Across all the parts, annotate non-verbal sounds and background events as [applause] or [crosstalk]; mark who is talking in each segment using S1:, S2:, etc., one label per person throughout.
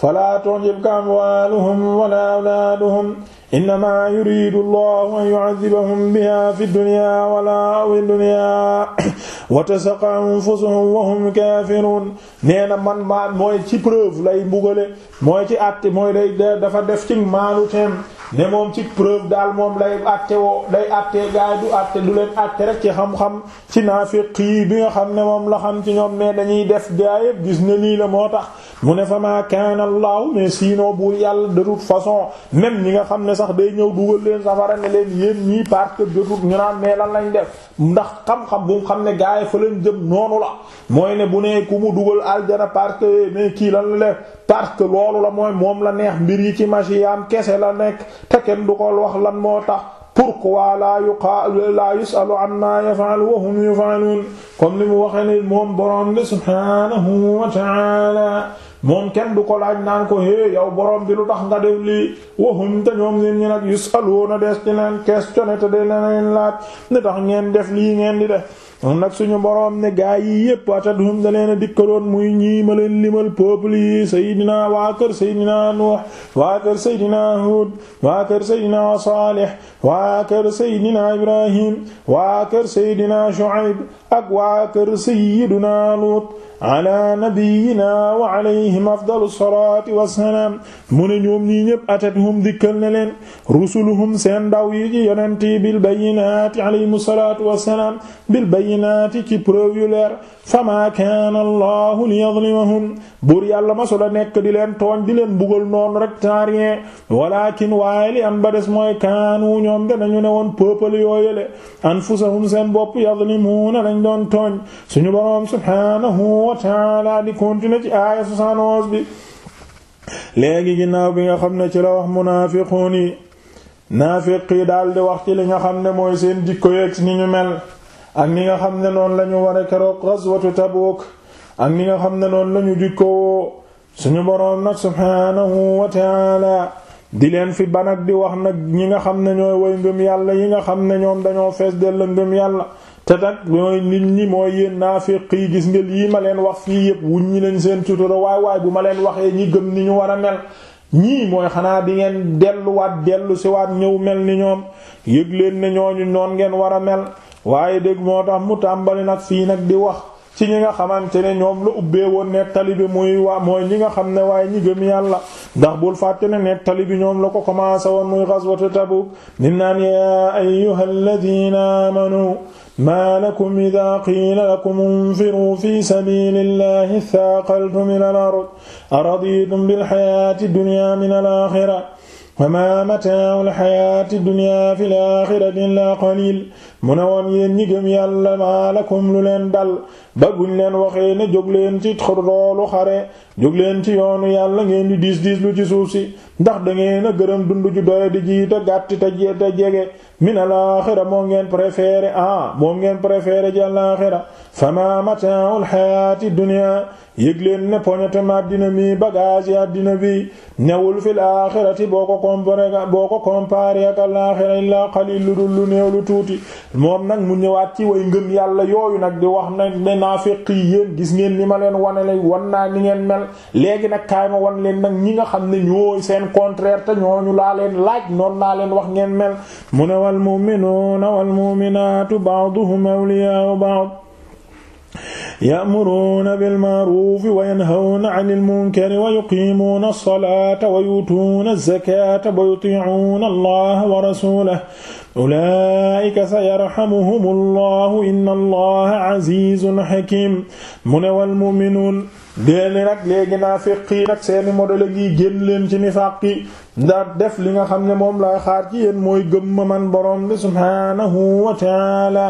S1: falaa tu'jibka amwaaluhum walaa awlaaduhum innamaa yuriidu Allahu an yu'adhibahum bihaa fi dunyaa walaa fi dunyaa wa tasaqa anfusuhum wa hum kaafiruun nee na man maa mooy ci preuve lay mbugale mooy ci àtte mooy day dafa def ci maanu teem ne moom ci preuve daal moom lay àtte woo day àtte gaay du àtte du leen àtte rek ci xam-xam ci naafiq yi bi nga xam ne moom la xam ci ñoom mais dañuy def gaay yépp gis ne lii la moo tax mu ne fa maa kaana allahu mais sinon yàlla de toute façon même ñi nga xam ne sax day ñëw dugal leen safara ne leen yéen ñii parce que jotut ñu naan mais lan lañ def ndax xam-xam bu xam ne gaay fa leen jëm noonu la mooy ne bu ne ku mu dugal aljana parce que mais kii lan la def parce que loolu la mooy moom la neex mbir yi ci machiyaam kese la nekk te kenn du xool wax lan moo tax pourquoi la yuqa la yusalu amma yaf'al wa hum yaf'alun comme ni mu waxe ne moom borom bi subhanahu moom kenn du ko laaj naan ko hé yow borom bi lu tax nga def lii waxum te ñoom nit ñi nag yusaluuna des ci leen questionné te de leen laaj ne tax ngeen def lii ngeen di de moom nag suñu boroom ne gaa yi yépp atadhum da leen a dikkaloon muy ñii ma leen limal peuple yi Seydina waa kër Seydina Nuux waa kër Seydina Hud waa kër Seydina Saalih waa kër Seydina Ibrahim waa kër Seydina Shuayb ak waa kër Seydina Lut ala nabiyina alayhim afdalu salaati wassalaam mu ne ñoom ñii ñépp atathum dikkal ne leen rusuluhum seen ndaw yi ci yonent yi bil bayyinaati alayhimu salaatu wassalaam bil bayyinaati ci preuve yu leer famaa kaana allahu liyadlimahum buur yàlla masula nekk di leen tooñ di leen bugal noonu rek taarien walakin waaye li am ba des mooy kaanu ñoom de dañu ne woon peuple yooyale anfusahum seen bopp yadlimuuna lañ doon tooñ suñu boroom subhaanahu wa ta'aala di continuer ci aaya annonce bi léegi ginnaaw bi nga xam ne ci la wax munaafiqun yi naafiq yi daldi wax ci li nga xam ne mooy seen jikko yeeg ni ñu mel ak ni nga xam ne noonu lañu ñu war a keroog Tabuk ak ni nga xam ne noon lañu dikkoo suñu boroom nag subhaanahu wa di leen fi banak di wax nag ñi nga xam ne ñooy woy ngëm yàlla yi nga xam ne ñoom dañoo fees dell ngëm yàlla te nag mooy nit ñi mooy yéen naafiq yi gis nga lii ma leen wax fii yépp wuñ ñi leen seen tutura waay waay bu ma leen waxee ñi gëm ni ñu war a mel ñii mooy xanaa di ngeen delluwaat dellu si waat ñëw mel ni ñoom yëg leen ñoo ñooñu noon ngeen war a mel waaye dégg moo tax mu tàmbali nag fii nag di wax ci ñi nga xamante ne ñoom la ubbee woon nettali bi muy waa mooy ñi nga xam ne waaye ñi gëm yàlla ndax bul fàtte ne bi ñoom la ko commencé woon muy ghazwatu Tabuk ni naan yaa ayyuhal ladina amanu maa lakum idaa qiila lakum wa ma mataa'ul hayaati dunya fil aaxirati illaa qaliil mu ne woon yéen ñi gëm yàlla maa lakum lu leen dal ba buñ leen waxee ne jóg leen ci roolu xare jóg leen ci yoonu yàlla ngeen di diis diis lu ci suuf si ndax da ngeen a gërëm dund ju doy di jiite gàtt te je te jege minal aaxira moo ngeen préféré ah moo ngeen préféré ci al aaxira fa ma mataa'ul hayaati yëg leen ne poñetam àddina mi bagage àddina bi newul fil aaxirati boo ko comparé boo ko comparé ak alaaxira illaa xaliil lu dul lu néew lu tuuti moom nag mu ñëwaat ci way ngëm yàlla yooyu nag di wax na ne naafiq yi yéen gis ngeen ni ma leen wanele wan naa ni ngeen mel léegi nag kaay ma wan leen nag ñi nga xam ne ñooy seen contraire te ñooñu laa leen laaj noonu laa leen wax ngeen mel mu ne wal mu'minuuna wal mu'minaatu ba'duhum awliyaa'u ba'd ya'muruuna bil ma'ruufi wa yanhawna 'anil munkari wa yuqiimuuna as-salaata wa yu'tuuna az-zakaata wa yutii'uuna allaha wa rasuulahu ulaa'ika sayarhamuhumu allahu inna allaha 'aziizun hakiim mu ne wal mu'minuun déeni nag léegi naafiq yi nag seeni modèle gi génn leen ci nifaaq yi ndax def li nga xam ne moom laa xaar ci yéen mooy gëm man borom bi subhaanahu wa ta'aala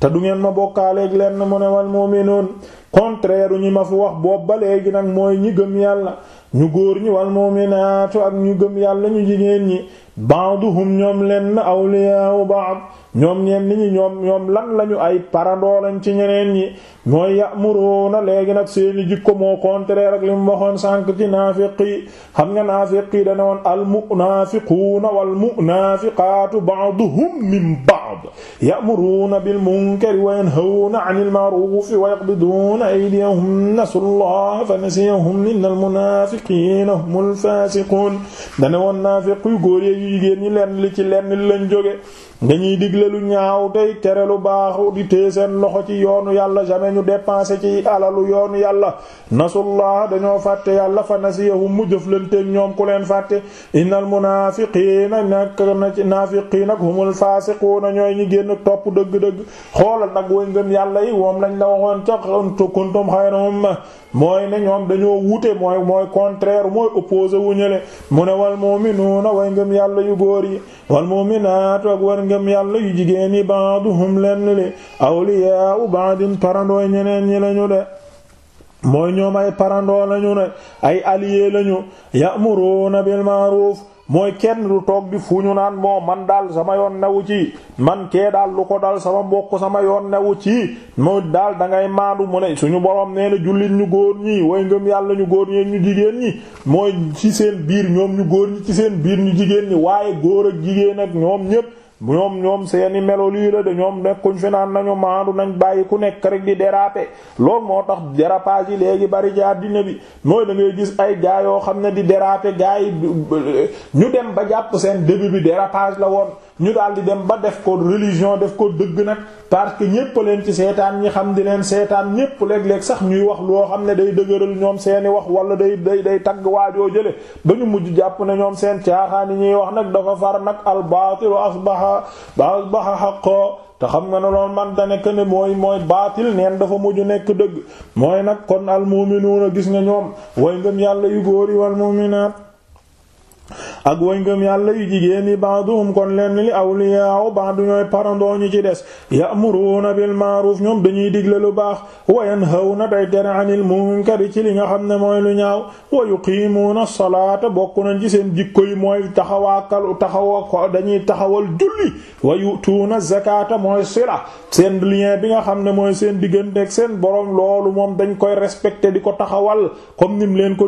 S1: te du ngeen ma bokkaaleeg lenn mu ne wal mu'minuun contraire ñu ma fi wax boobu ba léegi nag mooy ñi gëm yàlla ñu góor ñi wal mu'minaatu ak ñi gëm yàlla ñu jigéen ñi ba'duhum ñoom lenn awliyaa'u ba'd ñoom ñenn ñi ñoom ñoom lan lañu ay parandoo lañ ci ñeneen ñi mooy ya'muruuna léegi nag seeni jikko moo contraire ak li mu waxoon sànq ci naafiq yi xam nga naafiq yi dana woon al mu'naafiquuna wal mu'naafiqaatu ba'duhum min ba'd ba'd ya'muruuna bil munkari wa yanhawna 'anil ma'ruufi wa yaqbiduuna aydiyahum nasullaha fa nasiyahum innal munaafiqiina humul faasiquun dana woon naafiq yu góor yu jigéen ñi lenn li ci lenn lañ jóge dañuy digle lu ñaaw tey tere lu baaxu di téye seen loxo ci yoonu yàlla jamais ñu dépensé ci alalu yoonu yàlla nasullah dañoo fàtte yàlla fa nasiyahum mu jëflanteeg ñoom ku leen fàtte innal munaafiqiina nak naafiqiin ak humul na ñooy ñi génn topp dëgg-dëgg xoolal nag way ngëm yàlla yi moom lañ la waxoon ca kuntum xayra umma mooy ne ñoom dañoo wute mooy mooy contraire mooy opposé wu ñële mu ne wal mu'minuuna way ngëm yàlla yu góor yi wal ngëm yàlla yu jigéen yi ba'duhum lenn li awliyaa'u ba'din ñeneen ñi lañu de mooy ñoom ay ne ay alliés lañu mooy kenn du toog di fu ñu naan moo man daal sama yoon newu man kee daal ko dal sama mbokk sama yoon newu ci mooy daal da ngay maandu suñu borom nee na ñu góor ñi way ngëm yàlla ñu góor ñi ñu jigéen ñi mooy ci seen biir ñoom ñu góor ñi ci seen biir ñu jigéen ñi waaye góor ak jigéen ak ñoom ñépp ñoom ñoom seeni melo lii la de ñoom nekkuñ fi naan nañu maandu nañ bàyyi ku nekk rek di déraper loolu moo tax dérapage yi léegi bari jaar di bi mooy da ngay gis ay gaa yoo xam ne di déraper gaa yi euh, ñu dem ba jàpp seen début bi dérapage la woon ñu daal di dem ba def ko religion def ko dëgg nag parce que ñépp leen ci seetaan ñi xam di leen seetaan ñépp léeg-léeg sax ñuy wax loo xam ne day dëgëral ñoom seeni wax wala day day day tagg waajoo jële ba ñu mujj jàpp na ñoom seen caaxaan yi ñuy wax nag dafa far nag al baatilu asbaha asbaha haqqo te xam nga ne loolu man da nekk ne mooy mooy baatil neen dafa mujj nekk dëgg mooy nag kon al mu'minuuna gis nga ñoom way ngëm yàlla yu góor yi wal ak way ngëm yàlla yu jigéen ñi baaduhum kon lenn li awliyaaw baadu ñooy parandoo ñu ci des ya'muruuna bil ma'ruuf ñoom dañuy digle lu baax wa na day tere anil munkari ci li nga xam ne mooy lu ñaaw wa yuqiimuuna salaata bokk nañ ci seen jikko yi mooy taxawaakal taxawoo ko dañuy taxawal julli wa yu'tuuna zakaata mooy sila seen lien bi nga xam ne mooy seen diggante ak seen borom loolu moom dañ koy respecté di ko taxawal comme nim leen ko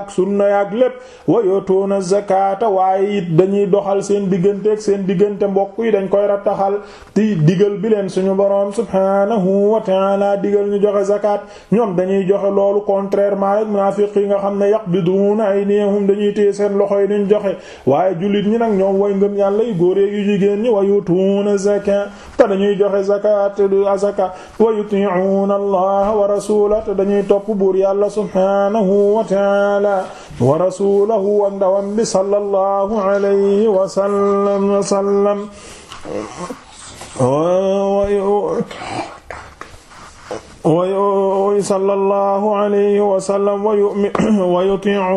S1: yaak sunna yaak lépp wa yotoona zakata waaye it dañuy doxal seen diggante seen diggante mbokk yi dañ koy rattaxal ti digal bi leen suñu boroom subhanahu wa ta'ala digal ñu joxe zakat ñoom dañuy joxe loolu contrairement ak munafiq yi nga xam ne yaqbiduuna aydiyahum dañuy téye seen loxo yi duñ joxe waaye jullit ñi nag ñoom way ngëm yàlla yu góor jigéen ñi wa yotoona zakat te dañuy joxe zakat zakat wa yuti'una allaha wa rasulahu dañuy topp buur yàlla subhanahu wa ta'ala wa rasulahu wa ndawam bi sallallahu alayhi wa sallam wa sallam wa sallallahu alayhi wa sallam wa yuti'una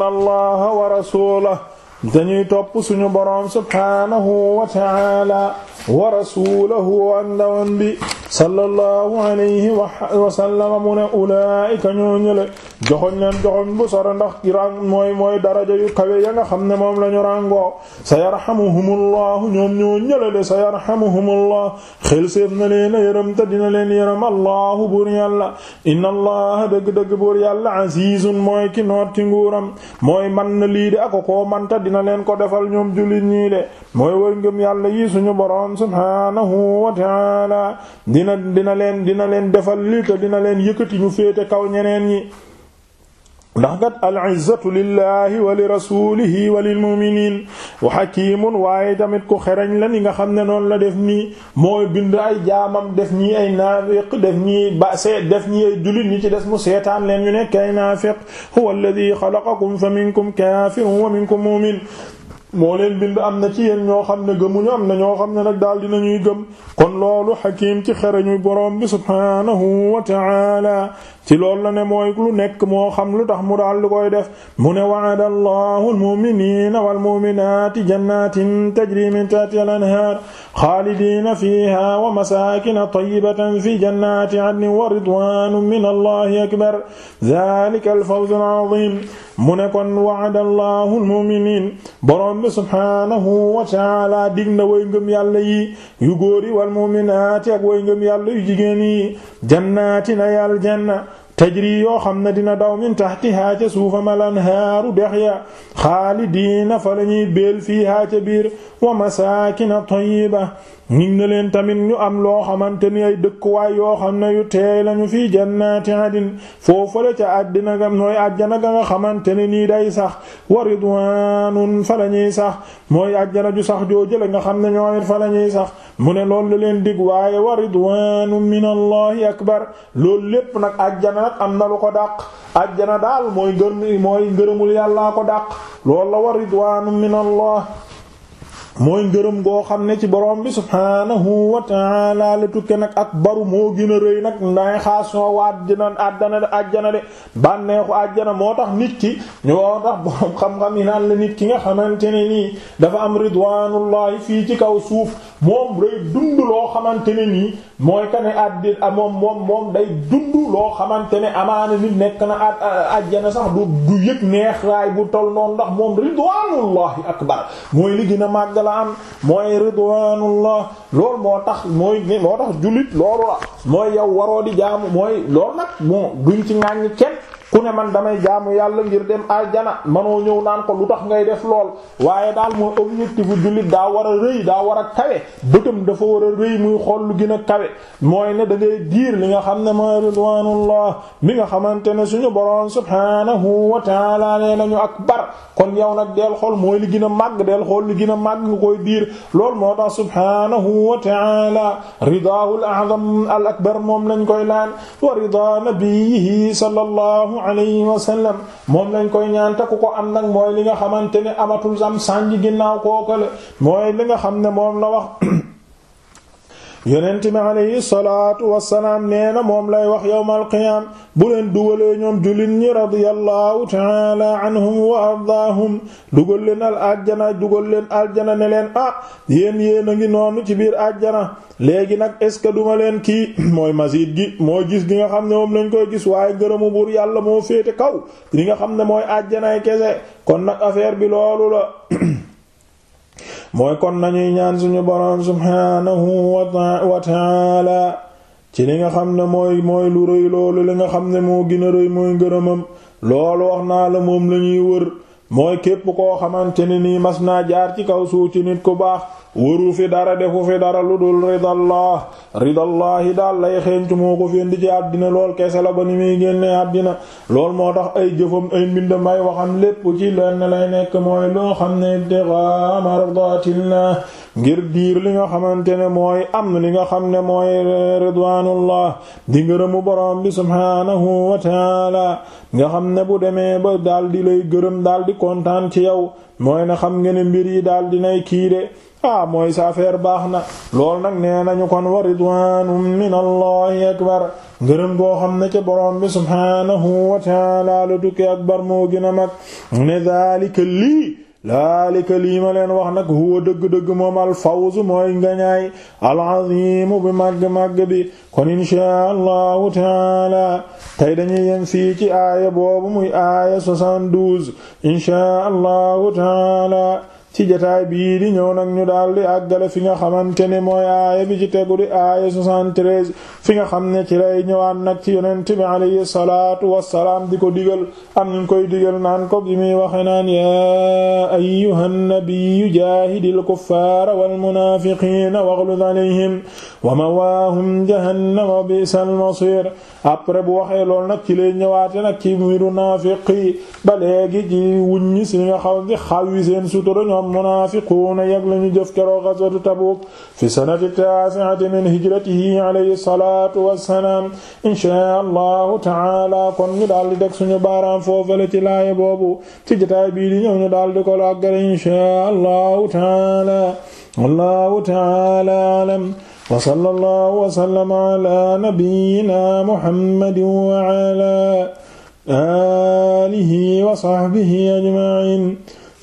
S1: allaha wa rasulahu dañuy topp suñu boroom subhanahu wa ta'ala wa rasulahu wa ndawam bi sallallahu alayhi wa sallam mu ne ulaa'ika ñoo ñële joxoñ leen joxoñ bu sore ndax ki rang mooy mooy daraja yu kawe ya nga xam ne moom la ñu ràngoo sa yarhamuhumullahu ñoom ñoo ñële de sa yarhamuhumullah xel séef na leen a yërëm ta dina leen yërëm allahu buur yàlla inna allaha dëgg-dëgg buur yàlla azizun mooy ki noot ci nguuram mooy man na lii de ako koo manta dina leen ko defal ñoom jullit ñii de mooy way ngëm yàlla yi suñu boroom subhanahu dina dina leen dina leen defal li dina leen yëkkati ñu féete kaw ñeneen ñi ndax kat al izzatu lillahi wa li rasulihi wa lil muminin wa hakimun waaye tamit ku xereñ la ni nga xam ne noonu la def nii mooy bind ay jaamam def ñii ay naafiq def ñii ba seet def ñii ay jullit ñi ci des mu seetaan leen yu nekk ay naafiq huwa alladi xalaqakum fa minkum kaafirun wa minkum mumin moo leen bind am na ci yéen ñoo xam ne gëmuñu am na ñoo xam ne nag daal dinañuy gëm kon loolu xakiim ci xereñu boroom bi subhaanahu wa ta'ala ci loolu la ne mooy lu nekk moo xam lu tax mu daal lu koy def mu ne wa'ada allahu almu'minina walmu'minati jannatin tajri min tahtiha al-anhar xaalidina fiha wa masakina tayyibatan fi jannati adnin wa ridwanun min allahi akbar dhalika al-fawz al-azim mu ne kon wa'ada allahu almu'minin boroom bi subhanahu wa ta'ala dig na way ngëm yàlla yi yu góor yi walmu'minati ak way ngëm yàlla yu jigéen yi jannatin ay aljanna tajri yoo xam ne dina daw min tahtiha ca suufam al anhaaru dex ya xaalidiina fa la ñuy béel fiiha ca biir wa masaakina tayyiba ñu ngi leen tamit ñu am loo xamante ni ay dëkkuwaay yoo xam ne yu teey lañu fi jannaati adin foofu la ca àddina ga mooy àjjana ga nga xamante ne nii day sax wa ridwaanun fa la ñuy sax mooy àjjana ju sax joo jële nga xam ne ñoom it fa ñuy sax mu ne loolu la leen dig waaye wa ridwaanu min allahi akbar loolu lépp nag ajjana nag am nalu ko dàq ajjana daal mooy gër mooy ngërëmul yàllaa ko dàq loolu la wa ridwaanu min allah mooy ngërëm goo xam ne ci borom bi subhaanahu wa ta'ala la tukke nag akbaru moo gën a rëy nag ndaay xaason wa àjjana àjjana de àjjana de bànneexu àjjana moo tax nit ki ñoo tax borom naan la nit ki nga xamante ne nii dafa am ridwaanullahi fii ci kaw suuf moom day dund loo xamante ne nii mooy ka ne addi ah, moom moom moom day dund loo xamante ne amaana nit nekk na a àjjana sax du du yëg neex raay bu tol noonu ndax moom ridwaanullahi akbar mooy li gën a taala an mooy ridwanullah loolu moo tax mooy moo tax jullit loolu la mooy yow waroo di jaamu mooy loolu nag bon duñ ci ŋàññ kenn ku ne man damay jaamu yàlla ngir dem aljana manoo ñëw naan ko lu tax ngay def lool waaye daal mooy objectif bu jullit daa war a rëy daa war a kawe bëtam dafa war rëy muy xool lu gën a kawe mooy ne da ngay diir li nga xam ne mooy ridwanullah mi nga xamante ne suñu boroom subhanahu wa taala nee nañu akbar kon yow nag del xool mooy li gën a màgg del xool li gën a màgg nga koy diir lool moo tax subhanahu wa taala ridaahul a'zam al akbar moom lañ koy laan wa rida nabiyihi sallallahu alayhi wa sallam moom lañ koy ñaan te ku ko am nag mooy li nga xamante ne amatul am sànji ginnaaw kookale moo li nga xam ne moom na wax yeneen bi alayhi salaatu wassalaam nee na moom lay wax yawmal qiyaam bu leen dugalee ñoom jullit ñi radiyallahu taala anhum wa ardaahum dugal leen al ajjana dugal leen aljana ne leen ah yéen yéen a ngi noonu ci biir ajjana léegi nag est ce que duma leen kii [coughs] mooy masiid gi mooy gis gi nga xam ne moom lañ koy gis waaye ngërëmu buur yàlla moo féete kaw li nga xam ne mooy ajjanay kese kon nag affaire bi loolu la [coughs] mooy kon nañuy ñaan suñu boroom subhaanahu wa ta'ala ci li nga xam ne mooy mooy lu rëy loolu li nga xam ne moo gën a rëy mooy ngërëmam loolu wax naa la moom lañuy wër mooy képp koo xamante ne nii mas naa jaar ci kaw suuf ci nit ku baax waru fi dara defu fi dara lu dul ridallah ridallaahi daal lay xeentu moo ko féndi ci àddina lool kese la ba ni muy génne àddina lool moo tax ay jëfam ay mbindam ay waxam lépp ci lenn lay nekk mooy loo xam ne ibtigaa mardatillah ngir diir li nga xamante ne mooy am li nga xam ne mooy ridwaanullah di ngërëmu borom bi subhaanahu wa taala nga xam ne bu demee ba daal di lay gërëm daal di kontaan ci yow mooy na xam nga ne mbir yi daal di nay kii ah mooy sa affaire baax na loolu nag nee nañu kon wa ridwanum min allahi akbar ngërëm goo xam ne ca borom bi subhanahu wa taala lu tukki akbar moo gën a mag ne daalika lii daalika lii ma leen wax nag huwa dëgg-dëgg moom alfawzu mooy ngañaay alazimu bi màgg-màgg bi kon inshaa allahu taala tey dañuy yem fii ci aaya boobu muy aaya 72 inshaa allahu taala ci jotaay bii di ñëw nag ñu daal di àggale fi nga xamante ne mooy aaya bi ci tegu di aaya 73 fi nga xam ne ci lay ñëwaan nag ci yonent bi alayhi salaatu wassalaam di ko digal am ñu koy digal naan ko bi muy waxe naan yaa ayyuhan nabiyyu jaahidil kuffaara wal munaafiqiina waghluz alayhim wa mawaahum jahannam wa bi'sal masiir après bu waxee lool nag ci lay ñëwaate nag ci mbiru naafiqi ba léegi ci wuññi si nga xam di xawi seen sutura ñoom munaafiquuna yeg lañu jëf keroog ghazwatu Tabuuk fi sanati taasi'ati min hijratihi alayhi salaatu wassalaam inshaa allahu taala kon ñu daal di deg suñu baaraam foofale ci laaye boobu ci jotaay bii di ñëw ñu daal di ko làggale inshaa allahu taala wallahu taala alam wa sallallahu wa sallama ala nabiyyina muhammadin wa ala alihi wa sahbihi ajma'in